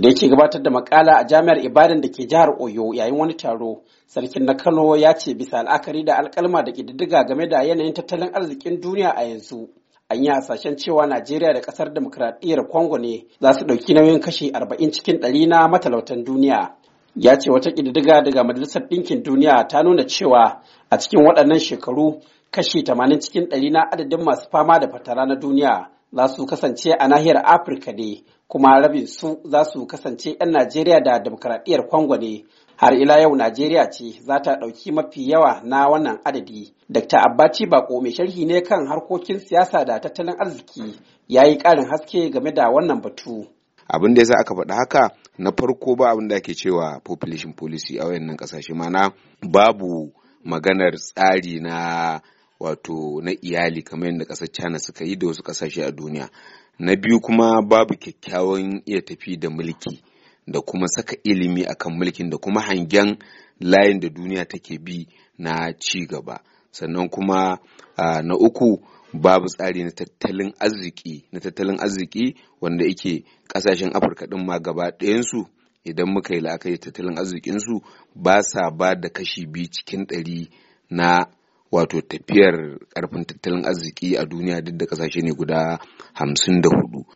da yake gabatar da makala a jami'ar ibadan da ke jihar oyo yayin wani taro sarkin na kano ya ce bisa al'akari da alkalma da ƙididdiga game da yanayin tattalin arzikin duniya a yanzu an yi hasashen cewa najeriya da ƙasar demokuraɗiyyar congo ne za su ɗauki nauyin kashe arba'in cikin ɗari na matalautan duniya ya ce wata ƙididdiga daga majalisar ɗinkin duniya ta nuna cewa a cikin waɗannan shekaru kashi tamanin cikin ɗari na adadin masu fama da fatara na duniya za su kasance a nahiyar Afirka ne kuma rabin su za su kasance 'yan Najeriya da demokradiyyar Kwango ne. Har ila yau Najeriya ce za ta ɗauki mafi yawa na wannan adadi. Dr. Abbaci Bako mai sharhi ne kan harkokin siyasa da tattalin arziki ya yi ƙarin haske game da wannan batu. abin da yasa aka faɗi haka na farko ba abin da ake cewa population policy a wayannan ƙasashe, mana babu maganar tsari na wato na iyali kamar yadda ƙasar china suka yi da wasu ƙasashe a duniya na biyu kuma babu kyakkyawan iya tafi da mulki da kuma saka ilimi akan mulkin da kuma hangen layin da duniya take bi na ci gaba sannan kuma na uku babu tsari na tattalin arziki na tattalin arziki wanda yake kasashen afirka din ma gaba ɗayansu idan muka yi la'akari tattalin arzikinsu ba sa ba da kashi biyu cikin ɗari na wato tafiyar karfin tattalin arziki a duniya duk da kasashe ne guda hamsin da hudu.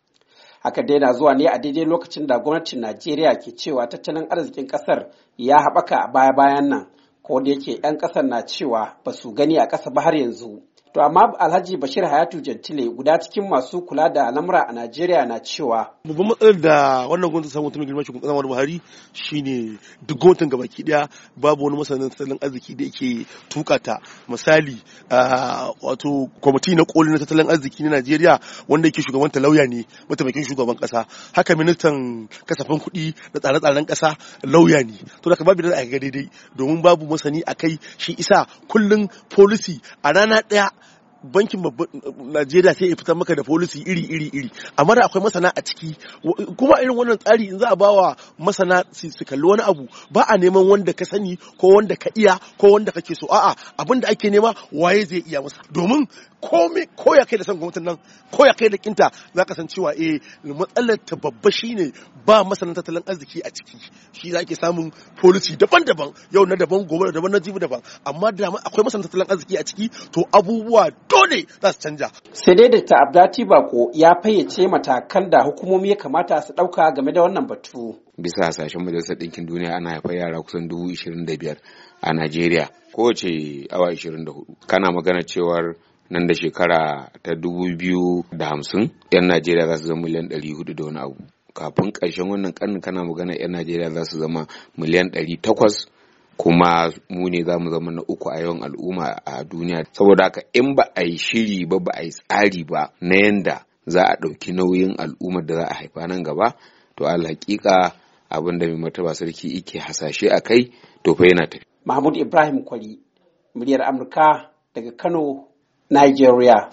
Haka dai na zuwa ne a daidai lokacin da gwamnatin Najeriya ke cewa tattalin arzikin kasar ya haɓaka a baya-bayan nan, ko da yake 'yan kasar na cewa ba su gani a ƙasa ba har yanzu. To amma Alhaji Bashir Hayatu Jantile guda cikin masu kula da al'amura a Najeriya na cewa. Babban matsalar da wannan gwamnati samu mutumin girma shugaban kasa Buhari shine duk gwamnatin gaba ki daya babu wani masanin tattalin arziki da yake tukata misali wato kwamiti na koli na tattalin arziki na Najeriya wanda yake shugaban lauya ne mataimakin shugaban kasa haka ministan kasafin kuɗi da tsare-tsaren kasa lauya ne to da babu da a ga daidai domin babu masani akai shi isa kullun policy a rana ɗaya bankin Najeriya sai ya fitar maka da policy iri iri iri amma da akwai masana a ciki kuma irin wannan tsari in za a bawa masana su kalli wani abu ba a neman wanda ka sani ko wanda ka iya ko wanda kake so a'a abin da ake nema waye zai iya masa domin komai ko ya kai da son gwamnatin nan ko ya kai da kinta za ka san cewa eh matsalar ta babba shine ba masana tattalin arziki a ciki shi za ke samun policy daban-daban yau na daban gobe daban na jibi daban amma da akwai masana tattalin arziki a ciki to abubuwa dole za su canja. Sai dai da Abdati Bako ya fayyace matakan da hukumomi ya kamata su ɗauka game da wannan batu. Bisa hasashen majalisar ɗinkin duniya ana haifar yara kusan dubu ishirin da biyar a Najeriya kowace awa ishirin da hudu. Kana magana cewar nan da shekara ta dubu biyu da hamsin 'yan Najeriya za su zama miliyan ɗari hudu da wani abu. Kafin ƙarshen wannan ƙarnin kana magana 'yan Najeriya za su zama miliyan ɗari takwas kuma mu ne za mu zama na uku a yawan al'umma a duniya saboda haka in ba a yi shiri ba ba a yi tsari ba na yanda za a ɗauki nauyin al'ummar da za a haifa nan gaba to alhaƙiƙa abin da mai martaba sarki yake hasashe a kai to fa yana tafi. Mahmud Ibrahim Kwari, muryar Amurka daga Kano, Nigeria.